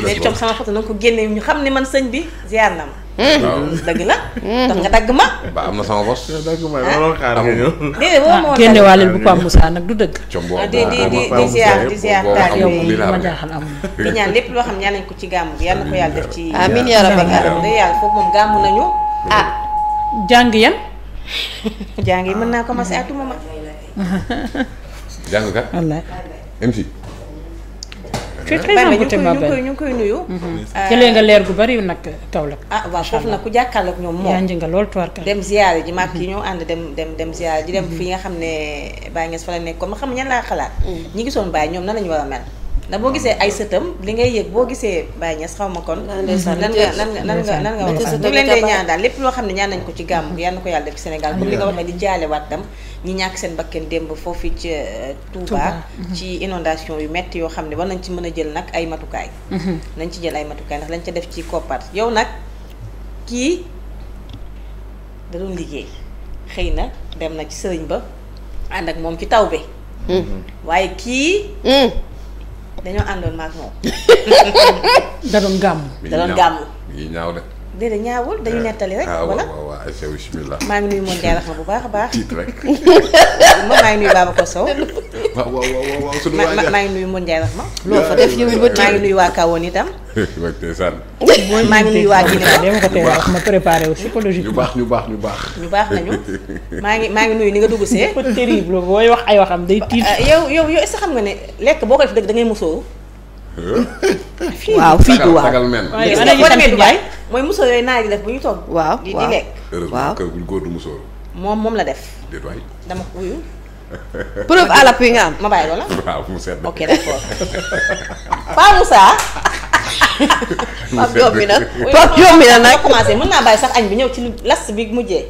mais com sama photo na nga ko génne ñu xam ne man sëñ bi ziar na ma. Hmm. dëgg la. Hmm. tax nga dagg ma. ba am na sama bos. dagg ma looloo ah. xaar nga ñëw. Ah, déedéet boo moo ah, génne waaleel bu Pape Moussa nag du dëgg. com boo di di di di ziar di ziar taal bi ma jaaxal amul. di ñaan lépp loo xam ñaan nañ ko ci gàmm bi yàlla na ko yàlla def ci. amiin yaa rabbi amiin de yàlla foofu moom gàmm nañu. ah jàng yan. jàng yi mën naa commencé à tout moment. jàng kat. wallaay. MC. tu es ñu koy nuyu. jëlee euh, mm-hmm. nga leer gu bari nag Kaolack. ah waaw foofu nag ku jàkkaarloog ñoom moom. yaa ngi nga lool tuwarkal. dem ziyaare ji mag yi mm-hmm. ñoo ànd dem dem dem ziyaare ji dem mm-hmm. fi nga xam ne Baye Niass fa la nekk comme xam ñan laa xalaat. ñi gisoon Baye ñoom na la ñu war a mel. ndax boo gisee ay sëtam li ngay yëg boo gisee Baye Niass xaw ma kon lan nga lan nga lan nga lan nga wax ñu leen dee ñaan daal lépp loo xam ne ñaan nañ ko ci gàmm yal na ko yàlla def ci Sénégal comme li nga waxee di jaale waat tam ñi ñàkk seen bakken démb foofu ci euh, Touba ci inondation yu metti yoo xam ne war nañ ci mën a jël nag ay matukaay mhm. nañ ci jël ay matukaay ndax lañ ca def ci koppar yow nag kii da doon liggéey xëy na dem na ci sëriñ ba ànd ak ci taw bi mhm. dañoo àndoon maag moom. da doon gàmm. da doon gàmm yi ñaaw de. déedéet ñaawul dañu eh, nettali rek. voilà maa ngi nuyu Moundé Rahma bu baax a baax. tiit rek. ma maa ngi nuyu Babacar waaw waaw waaw waaw sunu waa maa ngi nuyu Mourou Ndiaye wax ma. loolu fa def yow maa ngi nuyu waa Kawoon itam. waaw maa ngi nuyu waa Guinée dem ko tey wax ma préparé wu psychologiquement. ñu baax ñu baax ñu baax. ñu baax nañu maa ngi maa ngi nuyu ni nga dugg see. c'est terrible booy wax ay waxam day tiit. Ah, yow yow yow est xam nga ne lekk boo ko def dëgg da ngay musoo. waaw fii du waaw sagal men. boo mooy musoo yooyu naa di def bu ñu toog. waaw waaw di di lekk. heureusement kër góor di musoo. moom moom la def. dama ko preuve à l'appui nga am ma bàyyi loola. Ah. waaw mu sedd ok d'accord Paa Moussa. mu sedd naa bàyyi sax añ bi ñëw ci lu bi mujjee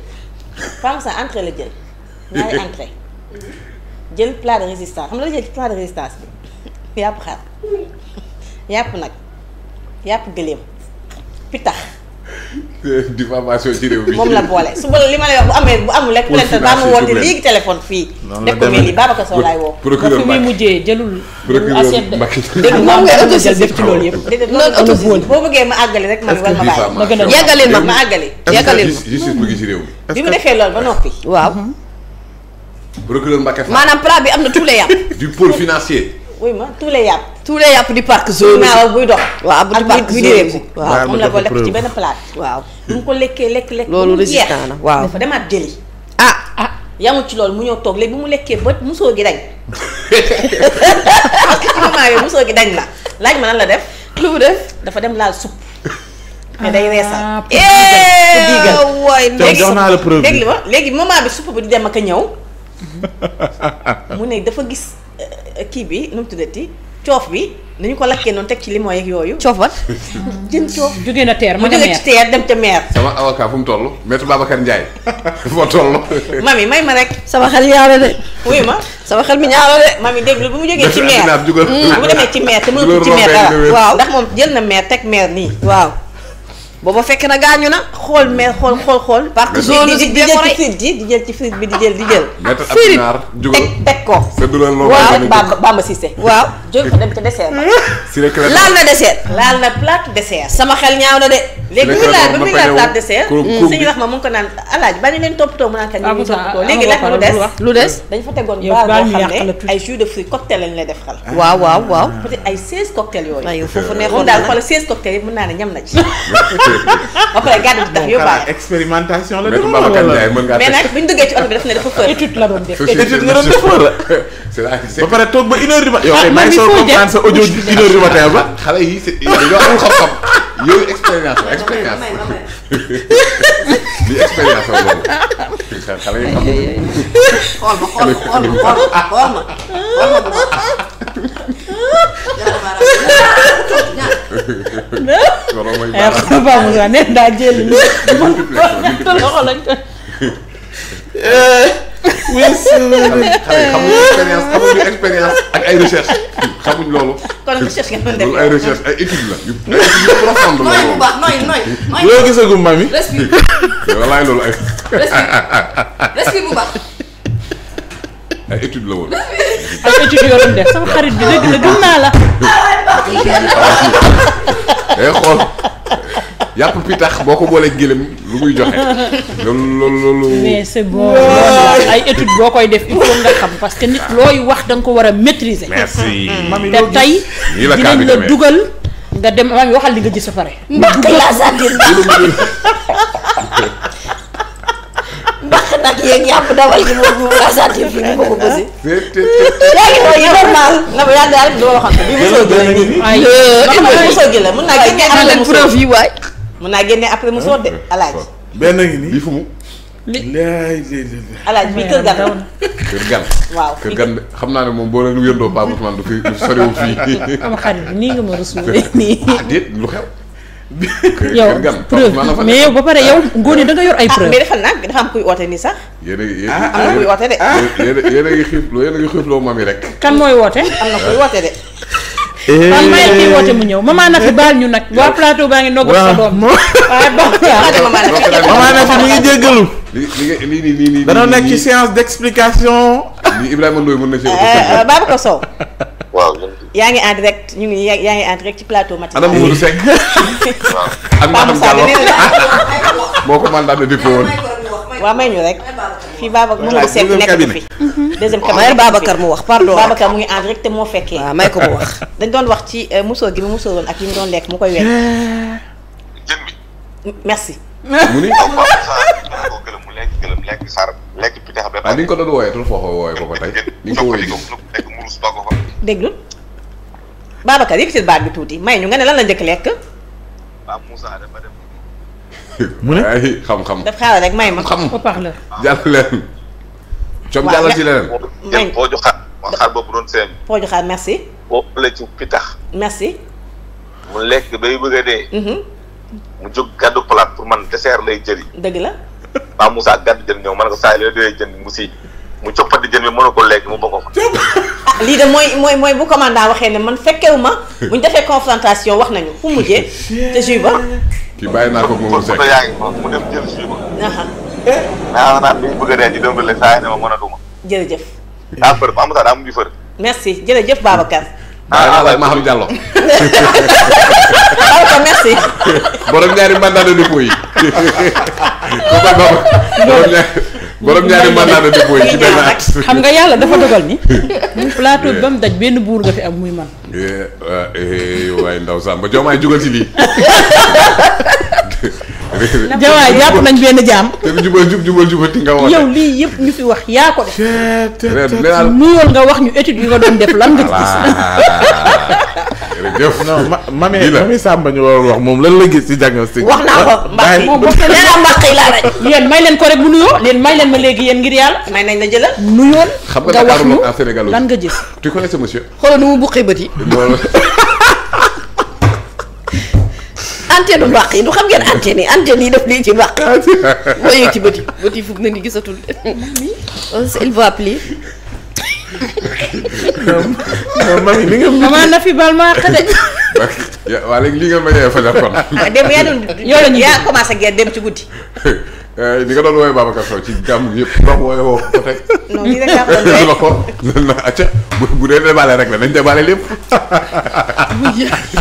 Paa entrée la jël ñaari entrée jël plat de résistance xam nga la jël ci plat de résistance bi yàpp xar yàpp nag yàpp gëléem pitax. diffamation ci réew mi moom la boole su boole li ma lay wax bu amee bu amul rek. plainte ba mu woote léegi téléphone fii. noonu la demee lii Babacar Sow laay woo. procureur Macky mujjee jëlul. procureur Macky dégg nga moom ngay autosise def ci loolu boo bëggee ma àggali rek man wala ma bàyyi ma gën a yàggalil ma ma àggali. yàggalil ma justice mu ngi ci bi mu defee loolu ba noppi. waaw. procureur Macky maanaam plat bi am na tous les yàpp. du pôle financier. wuy ma tous les yàpp. tous les yàpp du parc zoo. naaw buy dox. waaw bu du parc zoo waaw moom la ko lekk ci benn plate. waaw bu mu ko lekkee lekk lekk. loolu résistant na waaw dafa demaat jëli. ah ah yamul ci loolu mu ñëw toog bu mu lekkee ba musoo gi dañ. parce gi dañ la laaj ma la def. lu mu dafa dem laal supp. mais day reesal. Ah, pour diigal eh, pour diigal. léegi jox naa la preuve léegi moment bi bi di dem ak ñëw. mu ne dafa gis euh, kii bi nu mu tuddati coof bi nañu ko lakkee noonu teg ci limon yeeg yooyu. coof ba jën coof. jóge na teer mu jóge ci teer dem ca meer. sama avocat fu mu toll maître Babacar Ndiaye fu ma toll. mami may ma rek. sama xel ñaare de. wuyu ma sama xel mi ñaare de. mami déglu bu mu jógee ci meer bu demee ci meer te mënul ci meer dara waaw ndax moom jël na meer teg meer nii waaw. booba fekk na gaañu na xool mais xool xool xool. parce que zone di jël ci firit ji di jël ci firit bi di jël di jël. firit teg teg ko. waaw Bamba Bamba Cissé. waaw jël ko dem ca dessert ba. laal na dessert. laal na plate dessert. sama xel ñaaw na de. léegi muy ba muy laaj plat dessert suñu wax ma mu ngi ko naan alaaj ba ñu leen toppatoo mu ah, ah, naan naa ne ñam na ci ba la mais nag bu ñu duggee ci oto toog ba une heure du matin ah, yow kay sa audio une heure du ba xale yi dañoo amul xam-xam yooyu expérience la expérience li expérience la loolu. xale yi xamul. xool ma xool xool ma xool ma xool ma. xool ma xool ma oui xam xamuñu expérience xamuñu expérience ak ay recherche xamuñ loolu. kon recherche nga ay recherche ay étude la. yu yu profonde la loolu. bu baax nooy nooy. nooy loo gisagum mami. respire. walaay loolu ay. respire bu baax. ay étude la woon. ay étude yoo doon def sama xarit bi dëgg la gëm naa la. day eh, xool yàpp pitax boo ko boolee gëlëm lu muy joxe. loolu loolu loolu. mais c'est ay étude boo koy def il faut nga xam parce que nit looy wax da nga ko war a maîtriser. merci mm. mami loolu te tey. dinañ la dugal. nga dem maa ngi waxal li nga gis sa nag yeeg yàpp dawal gi moom moom laa sentir fii ni ma ko bësee. yaa naa la nga yàgg daal la nii. ay la mën naa génne après mosoo preuve de alaaji. benn ngi nii li fu mu. alaaj bi kër gan kër gan. waaw kër gan xam naa ne moom boo leen wéndoo Pape Ousmane du fi soriwul fii. am xarit nii nga ma rasulee ah, nii. lu xew. yow preuve mais yow ba pare yow Ngoné da nga yor ay ah, preuve mais dafa nag dafa am kuy oote nii sax yéen a ngi ah, am na kuy oote de yéen a ngi xiif yéen a ngi xiif loo mam yi rek kan mooy woote am na kuy woote de man eh. mayel kii woote mu ñëw eh. maman Nafi baal ñu nag waa plateau baa ngi nogg sa doom waaye maman Nafi mi ngi jéggalu li li li nii nii danoo nekk ci séance d'explication li Ibrahima Ndoye mën na ci eh, Babacar Sow yaa ngi en direct ñu ngi yaa ngi en ci plateau matinal. ana Mourou Seck. ak madame Diallo boo ko mandat de dépôt woon. waaw may ñu rek fii Babacar Mourou Seck nekk fi. Mhm. deuxième cabinet Babacar mu wax pardon Babacar mu ngi en te moo fekkee. waaw may ko mu wax. dañ doon wax ci euh, musóor gi mu musóoroon ak yi mu doon lekk mu koy wekk. jën bi. merci. mu ni. lekk sar lekk pitax ba. waaw ah, ni nga ko doon wooyee tul foofu wooyee ko ba tey. ni nga ko wooyee déglu. Babacar yëkkatil baat bi tuuti may ñu nga ne lan la njëkk lekk. mu ne ay xam-xam. daf xaaral rek may ma xam haut-parleur. jàll leen. waaw waaw jàll ci leneen. may pooju xar xar boobu doon seen. pooju xar merci. la ci pitax. merci. mu lekk bay bëgg a dee. Mm-hmm. mu man dessert lay jëri. dëgg la. Paa Moussa gàddu jën ñëw ne ko mu si mu coppati jën lekk mu bokk ko. lii de mooy mooy mooy bu commandant waxee ne man fekkewu ma bu ñu defee confrontation wax nañu fu mujjee te jus ba. bàyyi naa ko moom Seck yaa ngi foofu mu dem jël jus ba. naa eh? naan bi ñu bëgg a dee ci dëmbale saa yi ne ma mënatuma. jërëjëf. daa fër ba am sax daa mujj fër. merci jërëjëf Babacar. ah waaw ma xam Diallo. Babacar merci. borom ñaari mandat de borom ñaari mandat de dépôt ci benn at xam nga yàlla dafa dogal ni. plateau bi eh. ba daj benn buur nga fi am muy man. Eh, ah, eh, waaye ndaw Samba Diomaye jugal ci lii. jawaay jàpp nañ benn jaam. te jubal jub jubal jubati nga wax yow lii yëpp ñu fi wax yaa ko def. nuyool nga wax ñu étude yi nga doon def lan nga gis. jërëjëf non ma mame mame Samba ñu waroon wax moom lan la gis ci diagnostic. wax naa ko mbàq moom bokk na mbàq yi laa rek. yéen may leen ko rek bu nuyoo leen may leen ma léegi yéen ngir yàlla may nañ la jëlal. nuyool nga wax ñu lan nga gis. tu connais ce monsieur. xoolal nu mu buqee bët yi. antenne lu wàq yi du xam ngeen antenne yi antenne yi def lii ci wàq mooy ci bëti bëti fukk na ni gisatul oh, il va appeler mami li nga. maman na fi bal maa xëy na. waaw léegi li nga ma yee fajar kon. ah dem yaa doon ñoo yaa commencé ngeen dem ci guddi. li eh, nga doon woowee Babacar Sow ci gàmm gi yëpp ndox woowee woo ko teg. non lii rek laa ko bu bu dee déballe rek la nañ déballe lépp.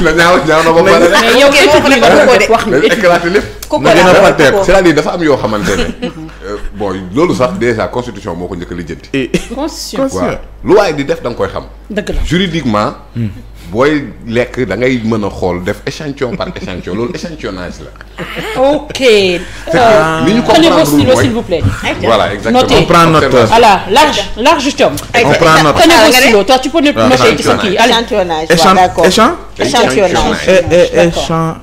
na ñaaw ñaaw na ba pare rek. mais yow kay foofu nag ko de wax nañ éclaté lépp. ku ko la c'est-à-dire dafa am yoo xamante ne. Euh, bon loolu sax déjà constitution moo ko njëkk a lijjanti. constitution lu waaye di def da nga koy xam. juridiquement. Hmm. booy lekk da ngay mën a xool def échantion par échantillon loolu échantillonnage la. ok. li euh, ñu comprendre voilà exactement on prend notre voilà large large tome. on prend notre tome toi tu peux noter ci eh, eh, eh,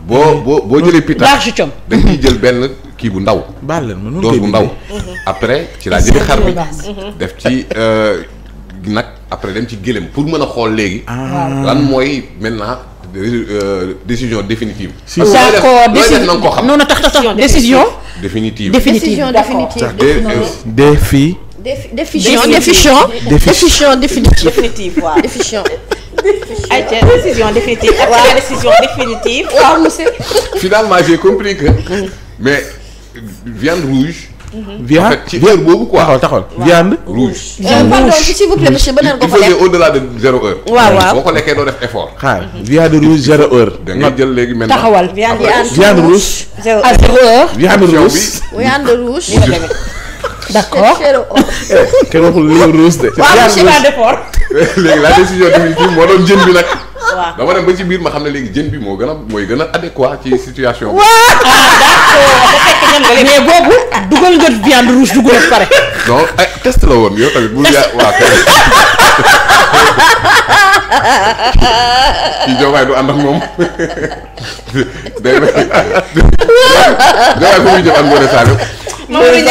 boo boo boo jëlee pita large tome dañ ciy jël benn. kii bu ndaw. baal leen ma bu ndaw. après ci laa jëli xar bi. def ci. Euh, nag après dem ci gëlëm pour mën a xool léegi. Ah. lan mooy maintenant euh, décision définitive. si d'accord décision looy def ko xam. non non tax tax tax décision. définitive décision définitive défi. défition défition définitive waaw défition. ay ca décision définitive waaw décision définitive waaw monsieur. finalement j'ai compris que mais viande rouge. Mhm. viande en ci heure boobu quoi taxawal taxawal viande. rouge pardon s'il waaw waaw boo ko lekkee doo def effort. xaar viande rouge zéro heure. da jël léegi maintenant taxawal viande viande rouge. zéro heure viande rouge. viande rouge. d' accord eh, waxul li rouge de. la décision définitive moo doon jën bi nag. waaw dama dem ba ci biir ma xam ne léegi jën bi moo gën a mooy gën a adéquat ci situation bi. Ah, ah, mais boobu dugal nga eh, test la woon yow tamit bu ñu. waaw kay. du ànd ak moom. day mel Diomaye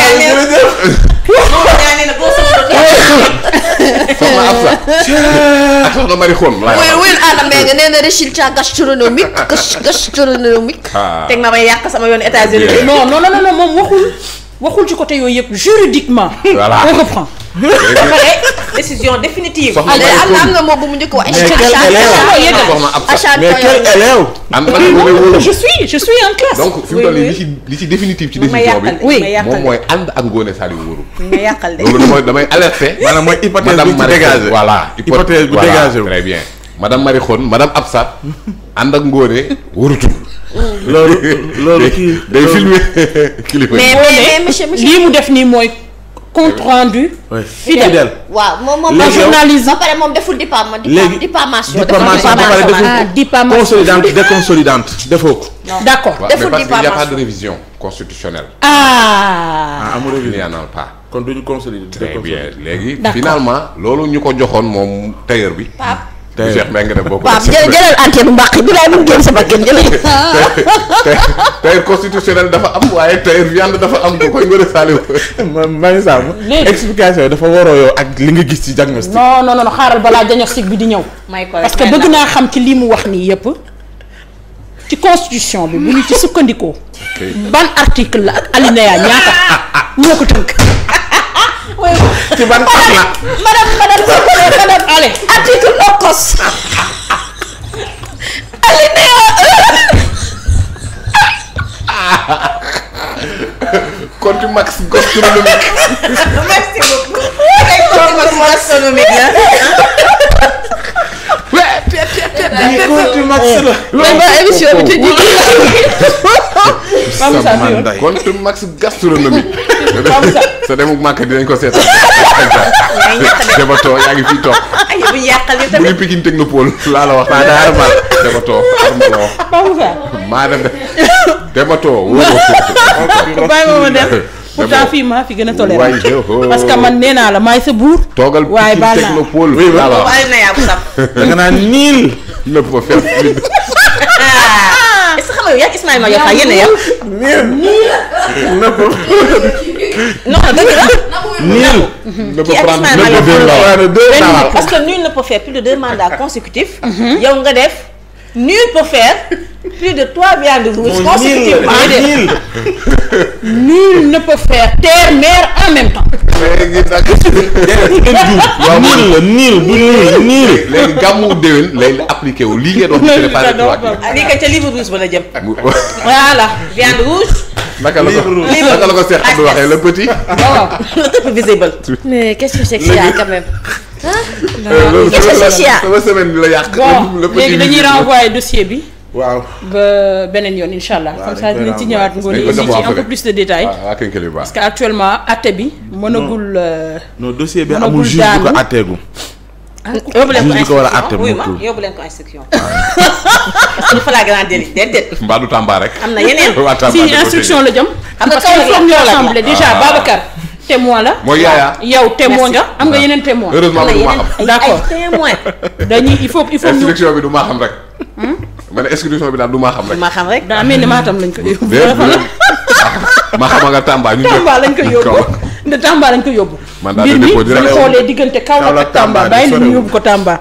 fu muy soxna Marie Khone. laay wax wéyul Adama Mbengue nee na résultat gastronomique gastronomique. Ah. teg na may yàq sama yoon États-Unis non non non non moom waxul waxul ci côté yooyu yëpp juridiquement. voilà décision définitive. soxna am nga moom bu a wax. mais donc fi mu li ci li ci bi. moom mooy ànd ak Ngoné Saliou Wóoru. ma yàqal de damay alerter. maanaam mooy hypothèse bu ci dégagé voilà hypothèse bu dégagé très bien. madame Marie Khone madame Absat ànd ak Ngoné wóorutul. loolu loolu kii day filmer. mais mais monsieur monsieur lii mu def nii mooy. compte rendu. fidèle waaw moom moom ma journaliste ba pare moom deful diffamation. léegi diffamation diffamation ah, consolidante déconsolidante defoo ko. deful diffamation parce qu'il n'y a pas de révision constitutionnelle. ah, ah amul révision pas. kon duñu consolider. très bien léegi finalement loolu ñu ko joxoon moom tailleur bi. tey Cheikh Mbengue de boo ko. waaw jël jëlal enquête mbaq yi dafa am waaye tey viande dafa am ko koy ngore Saliou. Mamy Samb. explication dafa waroo ak li nga gis ci diagnostic. non non non xaaral balaa diagnostic bi di ñëw. parce que bëgg naa xam ci lii mu wax nii yëpp. ci constitution bi bu ñu ci sukkandikoo. ban article la ak alinéa ñaata ñoo ko tënk. ci ban fas la. madame madame madame madame allez. article Nokos. alinéa compte max gastronomique. merci beaucoup. compte max gastronomique émission bi te compte max gastronomique. sa demuk màkk dinañ ko seetal. jabatoo yaa ngi fii toog. bu ñu Pikine technopole laa la wax. maanaam ma jabatoo ma la wax. maanaam jabatoo wóor na. bàyyi ma ma dem. pourtant fii maa fi gën a toléré parce que man nee naa la maay sa buur. toogal Pikine technopole. waaye baal naa waaye na yaa bu saf. da niil. ne peut faire plus. Ah. est ce que xam nga yaa ngi Ismaël ma Yoff yéen a yem. nii na ko. non dëgg la. nii na ko prendre ne parce que nul ne peut faire plus de deux mandats consécutifs. Mhm. yow nga def nul peut faire. plus de trois viandes rouges consécutivement. nul ne peut faire terre mer en même temps. léegi la niil bu niil lay appliqué wu lii ngeen wax ñu ah, préparé lii ca livre rouge ba la jëm. voilà viande rouge. naka la ko naka la ko Cheikh Abdou waxee le petit. waaw visible. mais qu'est-ce que c'est que ça quand même. ah. loolu sama la yàq. dossier bi. waaw ba beneen yoon incha allah. comme ça dinañ ci ñëwaat ngoon yi indi ci un peu parce que actuellement àtte bi. mënagul euh, non dossier bi amul juge bu ko àtteegu. Ah, yóbbu leen ko instruction wuy Tamba rek. am na yeneen la jëm. xam nga kaw la ñu ah. la mooy yow témoin nga ah. xam d'accord dañuy il faut il faut bi du ma xam rek. Hmm? ma ne exclusion bi daal du maa xam rek. maa xam rek daa mel ni Matam lañ ko yóbbu. maa xam nga Tamba ñu. Tamba lañ ko yóbbu de Tamba lañ ko yóbbu. man daal de dépôt xoolee diggante Kaolack ak Tamba bàyyi nañu yóbbu ko Tamba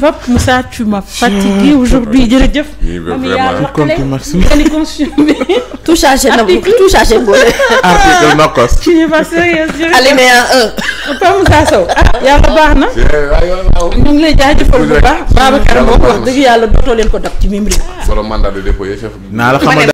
Pape Moussa tu m'as fatigué aujourd'hui jërëjëf. am na tout chargé na tout chargé boole. article nokos. tu n'es pas sérieuse a alinéa 1. Pape Moussa Sow ah, yàlla baax na. ñu ngi lay jaajëfal bu baax. Babacar moom wax dëgg yàlla dootoo leen ko dab ci même naa la xamal